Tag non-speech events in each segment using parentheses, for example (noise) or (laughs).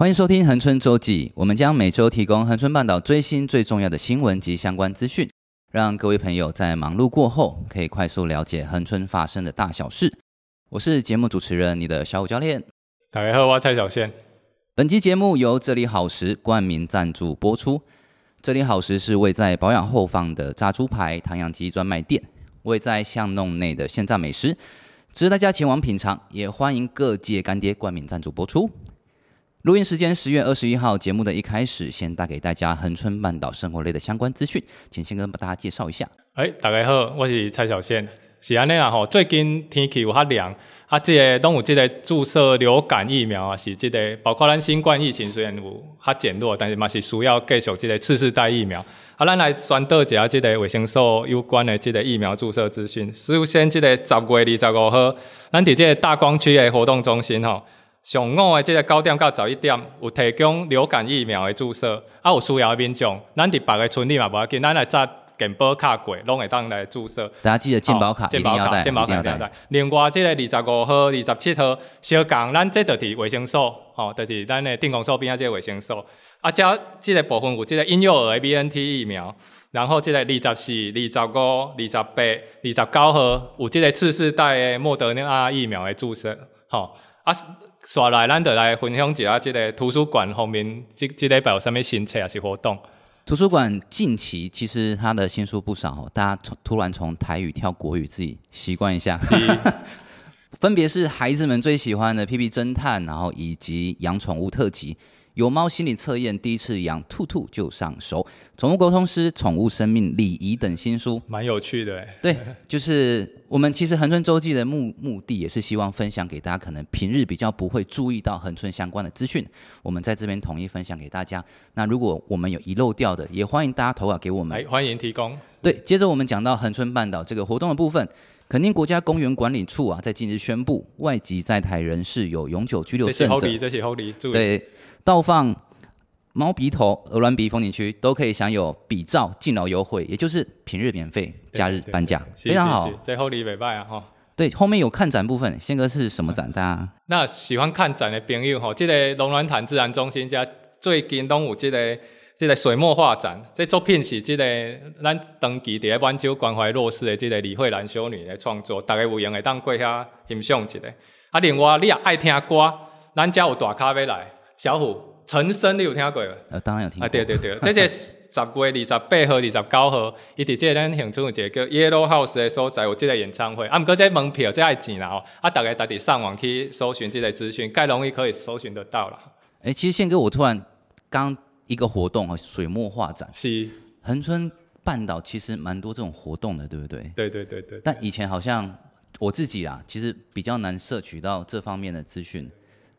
歡迎收聽恆春周記，我們將每周提供恆春半島最新最重要的新聞及相關資訊，讓各位朋友在忙碌過後可以快速了解恆春發生的大小事。我是節目主持人，你的小虎教練，大家好，我蔡小憲。本期節目由這裡好食冠名贊助播出。這裡好食是位在保養後方的炸豬排、唐揚雞專賣店，位在巷弄內的現炸美食，值得大家前往品嘗，也歡迎各界乾爹冠名贊助播出。錄音時間十月二十一號，節目的一開始，先帶給大家恆春半島生活類的相關資訊，請先跟大家介紹一下。哎、欸，大家好，我是蔡小憲，是安尼啦吼。最近天氣有較涼，啊，即、這個攏有即個注射流感疫苗啊，是即、這個包括咱新冠疫情雖然有較減弱，但是嘛是需要繼續即個次世代疫苗。好、啊，咱來宣導一下即個衛生所有關的即個疫苗注射資訊。首先，即個十月二十五號，咱佇這個大光區的活動中心吼。上午誒這個九點到十一點，有提供流感疫苗誒注射，啊有需要民眾，咱佇別個村裡嘛無要緊，咱來扎健保卡過，攏會當來注射。大家記得健保卡一定要帶，一定要帶。另外，這個二十五號、二十七號，相同，咱即個佇衛生所，吼，佇咱個電工所邊仔即個衛生所，啊，即、這個部分有即個嬰幼兒的 BNT 疫苗，然後即個二十四、二十五、二十八、二十九號有即個次世代莫德尼亞疫苗注射，吼、哦，啊說來，咱就來分享一下這個圖書館方面，這個、禮拜、個、有什麼新冊啊，還是活動？圖書館近期其實它的新書不少，大家從突然從台語跳國語，自己習慣一下。是 (laughs) 分別是孩子們最喜歡的《P. P. 偵探》，然後以及養寵物特輯。有貓心理測驗、第一次養兔兔就上手、寵物溝通師、寵物生命禮儀等新書，蠻有趣的。對，就是我們其實恆春周記的目目的也是希望分享給大家，可能平日比較不會注意到恆春相關的資訊，我們在這邊統一分享給大家。那如果我們有遺漏掉的，也歡迎大家投稿給我們。歡迎提供。對，接着我們講到恆春半島這個活動的部分。墾丁國家公園管理處啊，在近日宣布，外籍在台人士有永久居留證者，這是 h o l y 這是 h o l y 對，到訪貓鼻頭鵝銮鼻風景區都可以享有比照敬老優惠，也就是平日免費，假日半價，非常好。是是是這 h o l y 禮拜啊哈，哦、對，後面有看展部分，憲哥是什麼展大家、嗯？那喜歡看展的朋友哈、哦，這個龍銮潭自然中心加最近都有這個。即個水墨畫展，即作品是即、這個咱長期佇咧滿州關懷弱勢的即個李慧蘭修女來創作，逐個有閒，會當過遐欣賞一下。啊，另外你也愛聽歌，咱這有大咖要來，小虎、陳升你有聽過嗎？呃，當然有聽過。啊、對對對，即 (laughs) 個十月二十八號、二十九號，伊佇即個咱恆春有一個叫 Yellow House 的所在有即個演唱會，啊，唔過即門票即愛錢啦、啊、吼，啊，大家大家上網去搜尋即個資訊，蓋容易可以搜尋得到了。哎、欸，其實憲哥，我突然剛。一個活動和水墨畫展。是。恆春半島其實蠻多這種活動的，對不對？對對,對對對對。但以前好像我自己啊，其實比較難攝取到這方面的資訊。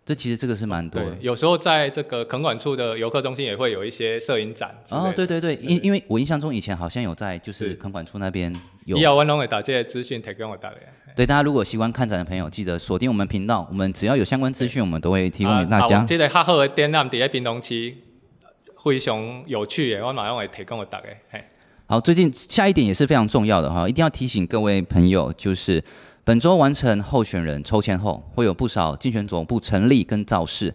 這其實這個是蠻多的。的、哦。有時候在這個墾管處的遊客中心也會有一些攝影展。哦，對對對，對對對因因為我印象中以前好像有在就是墾管處那邊有。以大家資訊提供我大家。對大家如果喜歡看展的朋友，記得鎖定我們頻道。我們只要有相關資訊，對我們都會提供給大家。啊，這個較好的展覽在平東區。非常有趣誒，我馬上來提供給大家誒。嘿好，最近下一點也是非常重要的哈，一定要提醒各位朋友，就是本周完成候選人抽簽後，會有不少競選總部成立跟造勢，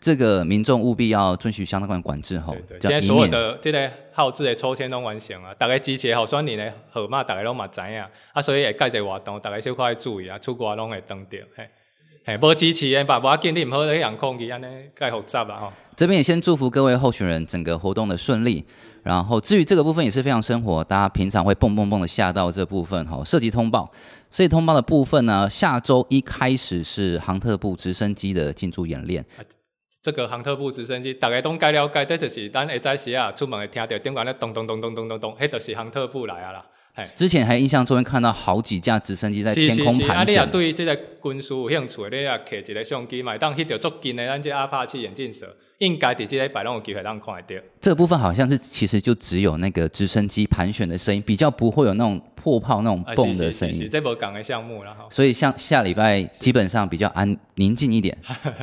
這個民眾務必要遵循相關管制吼。對對對，現在所有的這類耗子的抽簽都完成了，大家之前候選你咧號碼大家都嘛知影，啊所以也蓋着活動大家小可要注意啊，出乖攏會登掉嘿。無支持誒，爸，我建議唔好咧樣空氣安尼，蓋複雜啦吼。哦、這邊也先祝福各位候選人整個活動的順利。然後，至於這個部分也是非常生活，大家平常會蹦蹦蹦的下到這部分吼、哦。涉及通報，涉及通報的部分呢，下周一開始是航特部直升機的進駐演練。啊、這個航特部直升機，大家都該了解，得就是咱下在時啊，出門會聽到頂邊咧咚咚咚咚咚咚咚，迄就是航特部來啊啦。之前還印象中，看到好幾架直升機在天空盤旋。是是是，你也對於這個軍事有興趣，你也架一個相機，麥當去到的，阿帕奇眼鏡蛇，應該直這些百弄機會讓看得到。這部分好像是其實就只有那個直升機盤旋的聲音，比較不會有那種迫砲那種蹦的聲音。是是，這不港的項目了哈。所以像下禮拜基本上比較安寧靜一點。 (laughs)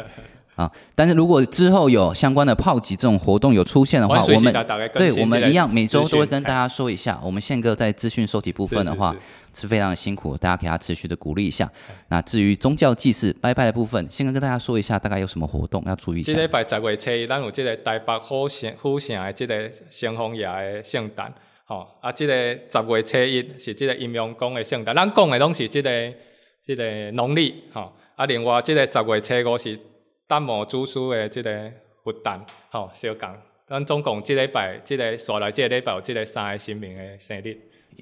啊！但是如果之後有相關的炮擊這種活動有出現的話，我們對，我們一樣每週都會跟大家說一下。我們憲哥在資訊收集部分的話是，是，是，是非常的辛苦，大家給他持續的鼓勵一下。是是是，那至於宗教祭祀拜拜的部分，憲哥跟大家說一下大概有什麼活動要注意一下。這禮拜十月初一，咱有這個台北府城府城的這個聖峰爺的聖誕。哦，啊，這個十月初一是這個陰陽宮的聖誕。咱講的都是這個這個農曆。哈，啊，另外這個十月初五是淡墨煮書的這個活動，好、哦，小講，咱總共這個禮拜，這個刷來這個禮拜有這個三個神明的生日，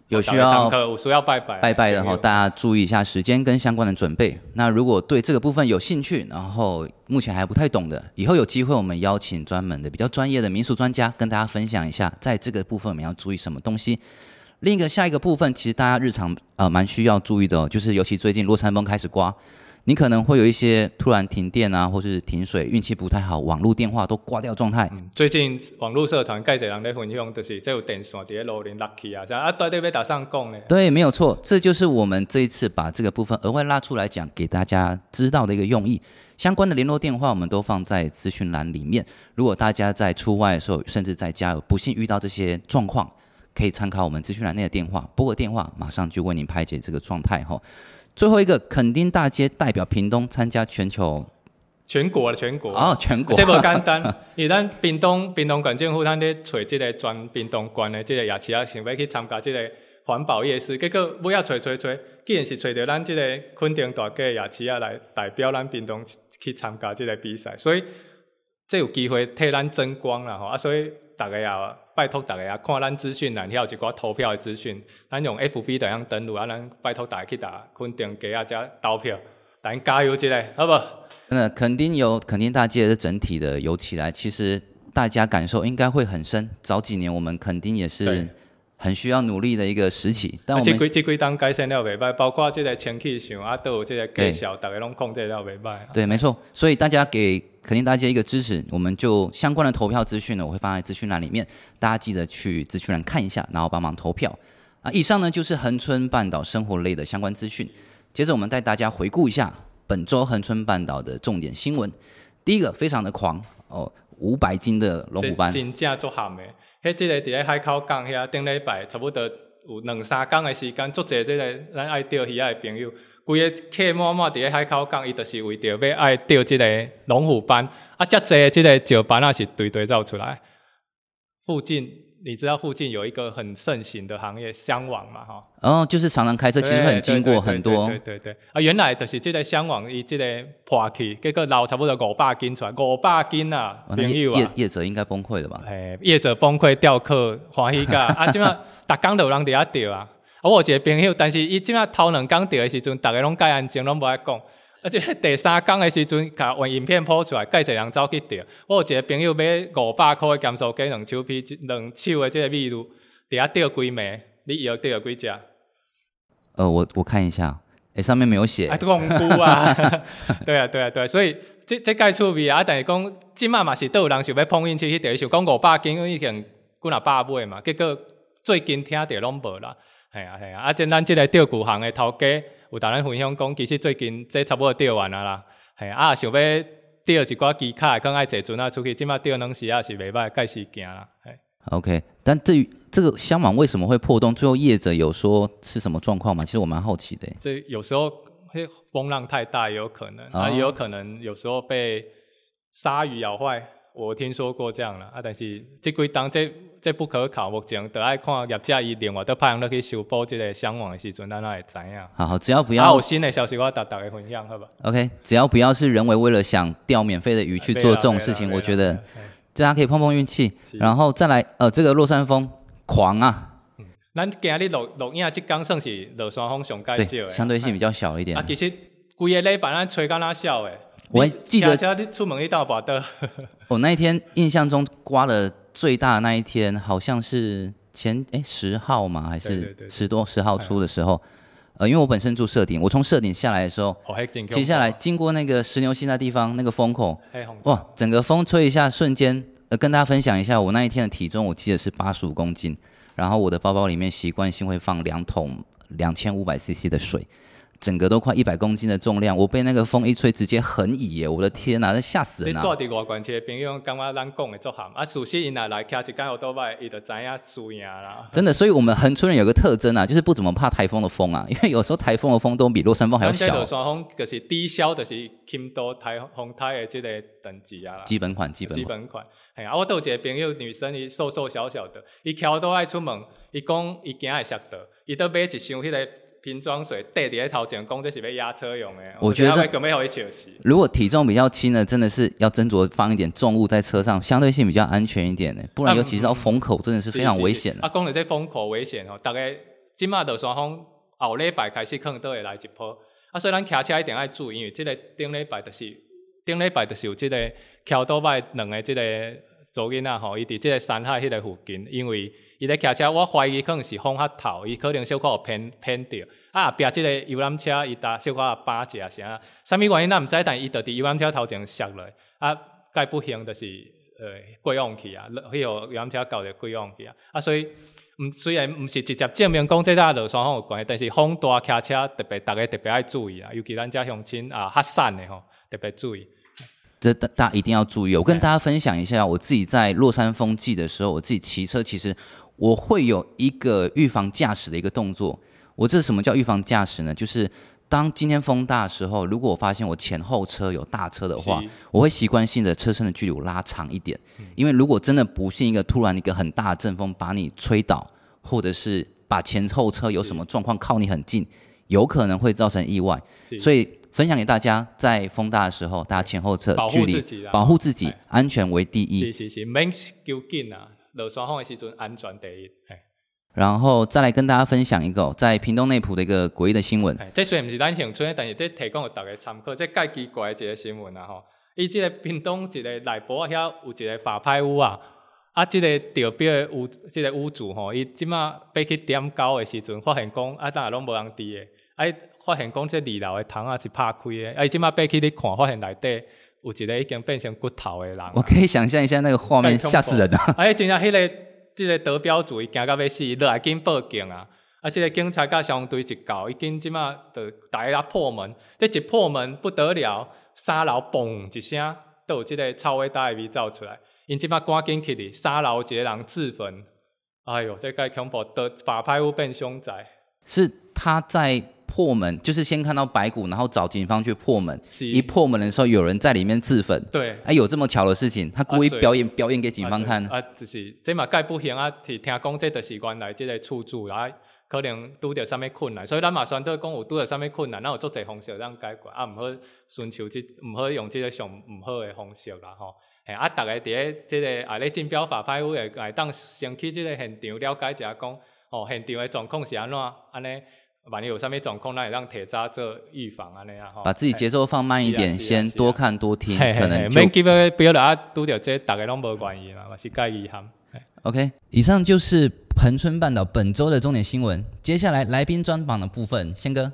有需要唱歌，要拜拜拜拜，然後哈，大家注意一下時間跟相關的準備。嗯、那如果對這個部分有興趣，然後目前還不太懂的，以後有機會我們邀請專門的比較專業的民俗專家跟大家分享一下，在這個部分我們要注意什麼東西。另一個下一個部分，其實大家日常呃蠻需要注意的、哦，就是尤其最近落山風開始刮。你可能會有一些突然停電啊，或是停水，運氣不太好，網絡電話都掛掉狀態、嗯。最近網絡社團介紹人的分享就是，這有電線在樓頂拉起啊，啊，對對要打上工呢？對，沒有錯，這就是我們這一次把這個部分額外拉出來講，給大家知道的一個用意。相關的聯絡電話我們都放在資訊欄裡面。如果大家在出外的時候，甚至在家有不幸遇到這些狀況，可以參考我們資訊欄內的電話，撥個電話，馬上就為您排解這個狀態哈。最後一個墾丁大街代表屏東參加全球，全國了，全國啊、哦，全國，真不簡單。伊咱屏東屏東縣政府，咱咧找這個全屏東縣的這個夜市啊，想要去參加這個環保夜市，結果尾仔找找找，既然是找到咱這個墾丁大街夜市啊來代表咱屏東去參加這個比賽，所以這有機會替咱爭光啦吼！啊，所以大家也。拜託大家看咱資訊啊，還有一寡投票的資訊，咱用 FB 等樣登錄啊，咱拜託大家去打，墾丁給大家投票，咱加油起來好不？那肯定有，墾丁大街也是整體的有起來，其實大家感受應該會很深。早幾年我們肯定也是。很需要努力的一個時期，但我們、啊、這規這規檔改善了袂歹，包括這個前氣上啊都有這個改善，對大家都控制了袂歹。對，啊、沒錯。所以大家給肯定大家一個支持，我們就相關的投票資訊呢，我會放在資訊欄裡面，大家記得去資訊欄看一下，然後幫忙投票。啊，以上呢就是恆春半島生活類的相關資訊。接着我們帶大家回顧一下本周恆春半島的重點新聞。第一個非常的狂哦，五百斤的龍虎斑金價做鹹的。迄即個佇咧海口港遐，頂禮拜差不多有兩三工誒時間，足儕。即個咱愛釣魚仔誒朋友，規個客滿滿佇咧海口港，伊著是為着要愛釣即個龍虎斑，啊，足儕。即個石斑也是隊隊走出來，附近。你知道附近有一個很盛行的行業箱網嘛？哈，哦，就是常常開車，其實很經過很多。對對對,對,對,對,對對對，啊，原來的是就在箱網一就在破去，結果撈差不多五百斤出來，五百斤啊，哦、朋友啊。業業者應該崩潰了吧、欸？業者崩潰釣客歡喜甲， (laughs) 啊，即嘛逐工都有人在釣啊，我有一個朋友，但是伊即嘛頭兩工釣的時陣，大家攏介安靜，攏無愛講。啊，即個第三工誒時陣，甲換影片拋出來，甲一個人走去釣？我有一個朋友買五百箍誒鹹酥雞，兩手皮，兩手誒，即個米籮，佇遐釣規暝，你以後釣幾只？呃，我我看一下，哎、欸，上面沒有寫。哎，冬菇啊！啊 (laughs) 對啊，對啊，對啊！所以即即介趣味啊，但是講即擺嘛是倒有人想要碰運氣去釣，想講五百斤，因為以前幾若百買嘛，結果最近聽着攏無啦。係啊系啊，而且咱即個釣具行誒頭家。有達人分享講，其實最近這差不多釣完了啦。係啊，想要釣一掛機卡，更愛坐船啊出去。即馬釣東西也是袂歹，介是見啦。O、okay. K，但至於這個箱網為什麼會破洞？最後業者有說是什麼狀況嗎？其實我蠻好奇的。這有時候風浪太大也有可能，哦、啊，也有可能有時候被鯊魚咬壞。我聽說過這樣了啊，但是這幾單這這不可考，目前都愛看業界一另外的派人去修補這個傷亡的時陣，咱才會知樣。好好，只要不要啊，有新的消息我達大家分享好吧？OK，只要不要是人為為了想釣免費的魚去做這種事情，我覺得大家可以碰碰運氣，然後再來呃，uh, 這個落山風狂啊。咱今日錄錄音啊，浙江算是落山風上介少的，相對性比較小一點唉啊。其實。故意來把那吹乾那笑，欸、我記得，出一把我那一天印象中刮了最大的那一天，好像是前十號嘛，還是十多十號出的時候。哎、呀呃，因為我本身住社頂，我從社頂下來的時候，哦、接下來經過那個石牛溪那地方，哦、那個風口，風口哇，整個風吹一下，瞬間呃，跟大家分享一下我那一天的體重，我記得是八十五公斤。然後我的包包裡面習慣性會放兩桶兩千五百 CC 的水。嗯整個都快一百公斤的重量，我被那個風一吹，直接橫移耶！我的天哪，那嚇死人外的朋友覺啊！真的，所以我們恆春人有個特徵啊，就是不怎麼怕台風的風啊，因為有時候台風的風都比落山風還要小。落山風就是低消，就是輕度台風台，台，台的這個等級啊。基本款，基本款。基本款。哎呀、啊，我都有一個朋友女生，伊瘦瘦小小的，伊橋都愛出門，伊講伊驚會摔倒，伊都買一箱迄、那個。瓶裝水佇咧頭前，前講這是要壓車用的。我覺得這，如果體重比較輕，真的是要斟酌放一點重物在車上，相對性比較安全一點不然，尤其是要封口，真的是非常危險的、啊嗯。啊，講到這封口危險哦，大家即馬到雙方後禮拜開始可能都會來一波。啊，所以咱騎車一定愛注意，因為這個頂禮拜就是頂禮拜就是有這個橋都拜冷的這個週邊啊，吼，伊佇這個山海迄個附近，因為。伊咧騎車，我懷疑可能是風較透，伊可能小可有偏偏着啊，後壁即個遊覽車，伊搭小可也把着啊啥。啥咪原因咱毋知，但伊著佇遊覽車頭前摔落，啊，該不幸着、就是呃、欸、過往去啊，迄個遊覽車搞着過往去啊。啊，所以毋雖然毋是直接證明講即搭落山風有關係，但是風大騎車特別，逐個特別愛注意啊，尤其咱遮鄉親啊較瘦誒吼，特別注意。這大大一定要注意，我跟大家分享一下，我自己在落山風季的時候，我自己騎車其實。我會有一個預防駕駛的一個動作。我這是什麼叫預防駕駛呢？就是當今天風大的時候，如果我發現我前後車有大車的話，是我會習慣性的車身的距離我拉長一點。嗯、因為如果真的不幸一個突然一個很大的陣風把你吹倒，或者是把前後車有什麼狀況靠你很近，是有可能會造成意外。是所以分享給大家，在風大的時候，大家前後車距離，保護，保護自己，哎、安全為第一。是是是落山風的時陣，安全第一。然後再來跟大家分享一個在屏東內埔的一個詭異的新聞。這雖然不是咱鄉村誒，但是這提供給大家參考。這介奇怪的一個新聞啊吼！伊即個屏東一個內埔遐有一個法拍屋啊，啊，即個標誒屋，即、這個屋主吼，伊即啊被去點高誒時陣，發現講啊，但係攏無人佇誒。啊，伊發現講這二樓誒窗啊是拍開誒，啊，伊今啊被去咧看，發現內底。啊有一個已經變成骨頭的人。我可以想象一下那個畫面，嚇死人了 (laughs) 啊！哎，就是那個，這個得標主，伊驚到要死，來跟報警啊！啊，這個警察跟消防隊一搞，已經即馬就大家來破門，這一破門不得了，三樓嘣一聲，都有這個臭臭的味道出來，因即馬趕緊去哩，三樓這人自焚。哎呦，這個恐怖的法拍屋變凶宅。是他在。破門就是先看到白骨，然後找警方去破門。是一破門的時候，有人在裡面自焚。對，啊，有這麼巧的事情，他故意表演、啊、表演給警方看。啊，啊就是即馬蓋不行啊，是聽講這段時間來這個厝主啊，可能遇到什麼困難，所以咱馬上都會講有遇到什麼困難，那有足多方式會當解決啊，毋好尋求這毋好用這個上毋好的方式啦吼。哎，啊，大家在這個、這個、啊咧競標法拍屋會當先去這個現場了解一下，講哦，現場的狀況是安怎安呢？把你有上面狀況，那你讓鐵渣做預防啊那樣哈。把自己節奏放慢一點，啊啊啊、先多看多聽，是啊是啊、可能就。不要阿都條，即大概攏無關係啦，我是介遺憾。OK，以上就是恆春半島本周的重點新聞。接下來來賓專訪的部分，憲哥，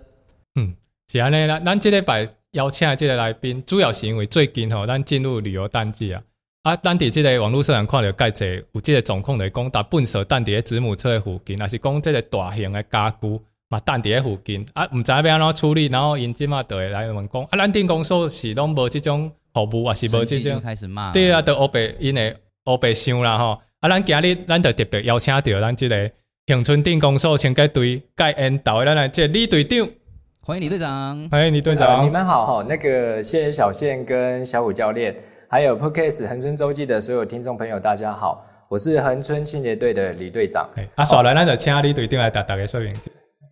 嗯，是安尼啦。咱,咱這禮拜邀請的這個來賓，主要是因為最近吼，咱進入旅遊淡季啊。啊，咱佇這個網絡上看到介濟有即個狀況在講，但笨手等佇子母車的附近，也是講個大型的加固。嘛，單佇喺附近，啊，唔知邊安怎處理，然後因即馬隊來問講。啊，咱鎮公所是攏無這種服務，啊，是無這種，對啊，都烏白，因為烏白想啦吼，啊，咱今日咱就特別邀請到咱這個恆春鎮公所清潔隊蓋恩導，咱來即李隊長，歡迎李隊長，歡迎李隊長、呃，你們好吼，那個謝謝小憲跟小虎教練，還有 Podcast 恆春週記的所有聽眾朋友，大家好，我是恆春清潔隊的李隊長、欸，啊，稍後咱就請李隊長、哦、來打大概說明。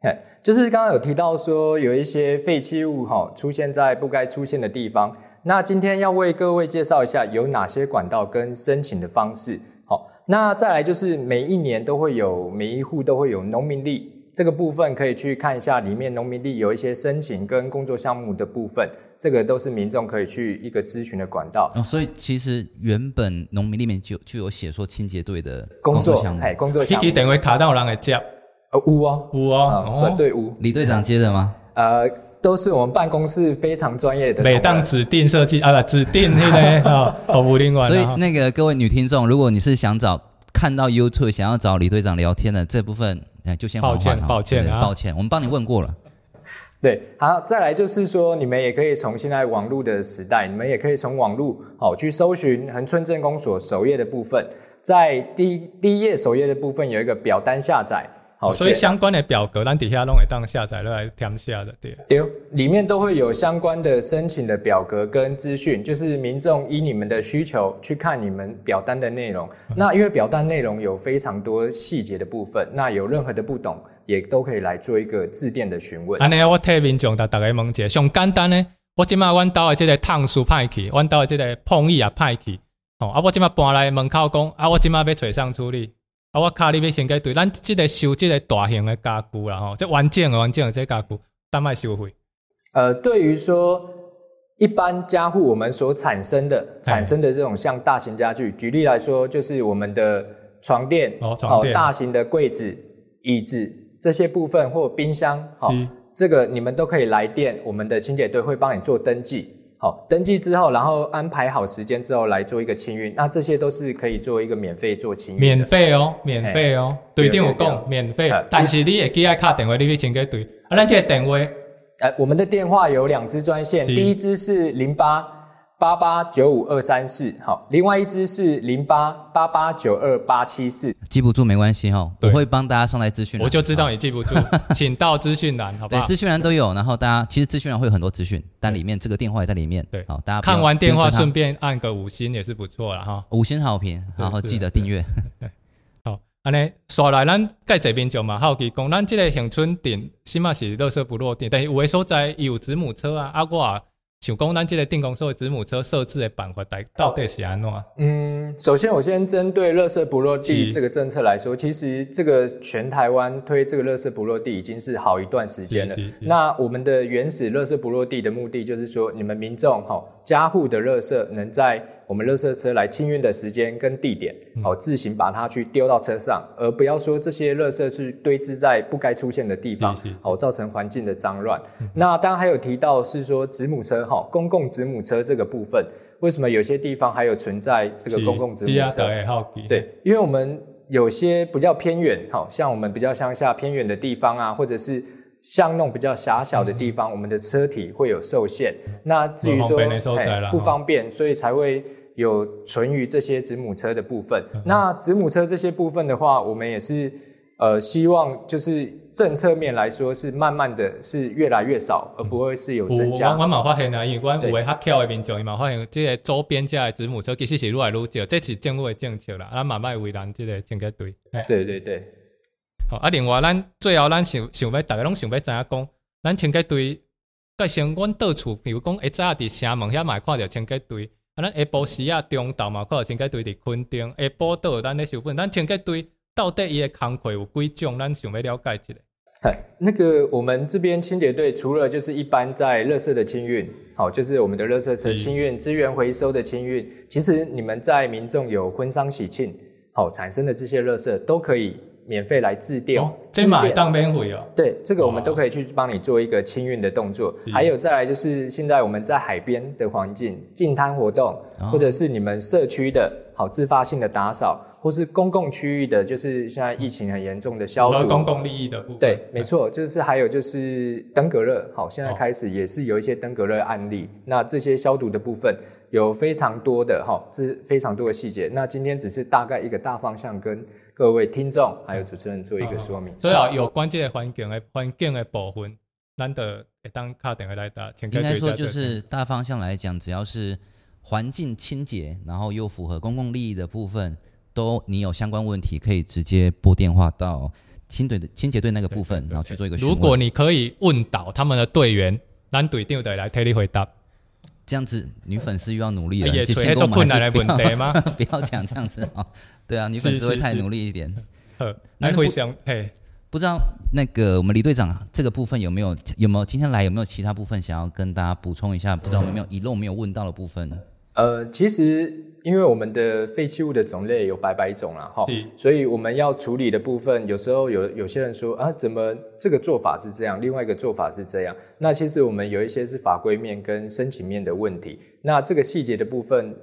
嘿，就是剛剛有提到說有一些廢棄物哈出現在不該出現的地方。那今天要為各位介紹一下有哪些管道跟申請的方式。好，那再來就是每一年都會有，每一戶都會有農民曆這個部分，可以去看一下裡面農民曆有一些申請跟工作項目的部分，這個都是民眾可以去一個諮詢的管道、哦。所以其實原本農民曆裡面就就有寫說清潔隊的工作項目工作嘿，工作項目等於卡到人的腳。呃，屋哦，屋哦，磚隊屋，哦、李隊長接的嗎？呃，都是我們辦公室非常專業的每檔指定設計啊，不指定那個啊，好， (laughs) 五零完。 (laughs) 哦、所以那個各位女聽眾，如果你是想找看到 YouTube 想要找李隊長聊天的這部分，哎，就先還還抱歉，好抱歉、啊，抱歉，我們幫你問過了。對，好，再來就是說，你們也可以從現在網絡的時代，你們也可以從網絡好、哦、去搜尋恆春鎮公所首頁的部分，在第第一頁首頁的部分有一個表單下載。好，所以相關的表格下下，咱底下都會當下載來填下的，對。對，裡面都會有相關的申請的表格跟資訊，就是民眾依你們的需求去看你們表單的內容。嗯、那因為表單內容有非常多細節的部分，那有任何的不懂，也都可以來做一個致電的詢問。啊，你我替民眾答大家問一下上簡單呢，我今嘛阮兜即個燙書派去，阮兜即個碰意啊派去。哦，啊我今嘛搬來門口講，啊我今嘛被水上處理。啊，我卡裡面先排對咱這個修這個大型的家具了吼，再完整完整再家具，單賣收費。呃，對於說一般家戶，我們所產生的產生的這種像大型家具，欸、舉例來說，就是我們的床墊哦，床墊哦大型的櫃子、椅子這些部分或冰箱，好是、哦，這個你們都可以來電，我們的清潔隊會幫你做登記。好，登記之後，然後安排好時間之後來做一個清運，那這些都是可以做一個免費做清運喔。免費哦，喔，免費哦，對，一定有講，免費。但是你也記得打電話，你必須先給對。啊，咱這個電話，哎，呃，我們的電話有兩支專線，是第一支是零八，八八九五二三四，4, 好，另外一支是零八八八九二八七四，記不住沒關係哈，對我會幫大家上來資訊。我就知道你記不住， (laughs) 請到資訊欄，好吧？對，資訊欄都有，然後大家其實資訊欄會有很多資訊，但裡面這個電話也在裡面。對，好，大家看完電話順便按個五星也是不錯了哈，哦、五星好評，然後記得訂閱。好，安尼說來，咱介這邊就嘛，好，其講咱這個恆春鎮起碼是垃圾不落地，等於五位數在有子母車啊，阿古爾。像講咱這個鎮公所子母車設置的辦法，到底是安怎樣？Okay. 嗯，首先我先針對“垃圾不落地”這個政策來說，是其實這個全台灣推這個“垃圾不落地”已經是好一段時間了。是是是是，那我們的原始“垃圾不落地”的目的，就是說，你們民眾齁，家戶的垃圾能在。我們垃圾車來清運的時間跟地點，好自行把它去丟到車上，嗯、而不要說這些垃圾去堆置在不該出現的地方，好造成環境的髒亂。嗯、那當然還有提到是說子母車哈，公共子母車這個部分，為什麼有些地方還有存在這個公共子母車？對，因為我們有些比較偏遠，好，像我們比較鄉下偏遠的地方啊，或者是像那種比較狹小的地方，嗯、我們的車體會有受限，嗯、那至於說、嗯、不方便，所以才會。有存於這些子母車的部分，嗯、那子母車這些部分的話，我們也是呃，希望就是政策面來說是慢慢的是越來越少，嗯、而不會是有增加。我、嗯、我慢慢發現吶，因為有的較巧的民眾，慢慢對發現這，個周這些周邊價的子母車其實一路來一路少，這是政府的政策啦，咱不要為難咱這個清潔隊。對，對對對，好啊，另外，咱最後咱想，想問大家都想要知道，攏想問一下，講咱清潔隊，加上我倒厝，比如講，一早啊，佇城門遐嘛看到清潔隊。咱下晡時啊，中島嘛，可能清潔隊在昆定。下晡到，咱咧想問，咱清潔隊到底伊的工課有幾種？咱想要了解一下。哎，那個，我們這邊清潔隊除了就是一般在垃圾的清運，好，就是我們的垃圾車清運、資源回收的清運，其實你們在民眾有婚喪喜慶，好，產生的這些垃圾都可以。免費來自掉、哦，這買單免費哦。對，這個我們都可以去幫你做一個清運的動作。哦、還有再來就是現在我們在海邊的環境，淨灘活動，哦、或者是你們社區的好自發性的打掃，或是公共區域的，就是現在疫情很嚴重的消毒、嗯、和公共利益的部分。對，對沒錯，就是還有就是登革熱，好，現在開始也是有一些登革熱案例，哦、那這些消毒的部分。有非常多的哈，是非常多的細節。那今天只是大概一個大方向，跟各位聽眾還有主持人做一個說明。對啊、嗯，哦，所以嗯、有關鍵的環境的環境的部分，難得當打電話來打。請這，應該說就是大方向來講，只要是環境清潔，然後又符合公共利益的部分，都你有相關問題可以直接撥電話到清隊的清潔隊那個部分，對然後去做一個。如果你可以問到他們的隊員，藍一定隊來替你回答。這樣子，女粉絲又要努力了，就、欸、先做困難來問題嗎？ (laughs) 不要講這樣子啊！對啊，是女粉絲會太努力一點。那回、嗯、想，不，嘿不知道那個我們李隊長這個部分有沒有有沒有今天來有沒有其他部分想要跟大家補充一下？不知道有沒有遺、e、漏沒有問到的部分。嗯呃，其實因為我們的廢棄物的種類有百百種啦哈，是所以我們要處理的部分，有時候有有些人說啊，怎麼這個做法是這樣，另外一個做法是這樣，那其實我們有一些是法規面跟申請面的問題，那這個細節的部分，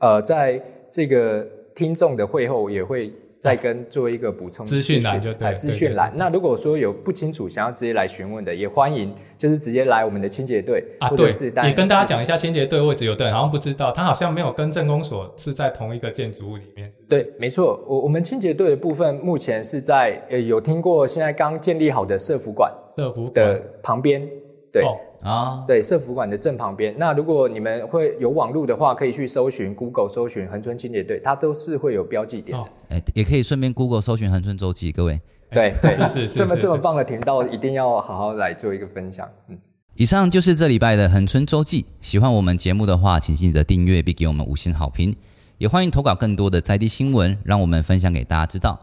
呃，在這個聽眾的會後也會再跟做一個補充資訊欄，哦，資訊欄就對，資訊欄。那如果說有不清楚想要直接來詢問的，也歡迎，就是直接來我們的清潔隊。啊對，也跟大家講一下清潔隊位置有在，好像不知道，他好像沒有跟鎮公所是在同一個建築物裡面。是是對，沒錯，我我們清潔隊的部分目前是在，呃，有聽過現在剛建立好的社福館，社福的旁邊。對啊，哦、對，社福館的正旁邊。那如果你們會有網路的話，可以去搜尋 Google 搜尋恆春清潔隊，它都是會有標記點的、哦欸。也可以順便 Google 搜尋恆春周記，各位。對對、欸，是是是，是。 (laughs) 這麼這麼棒的頻道，一定要好好來做一個分享。嗯，以上就是這禮拜的恆春周記。喜歡我們節目的話，請記得訂閱並給我們五星好評，也歡迎投稿更多的在地新聞，讓我們分享給大家知道。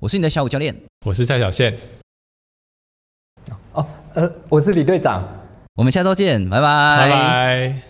我是你的小虎教練，我是蔡小憲。哦，呃，我是李隊長，我們下周見，拜拜，拜拜。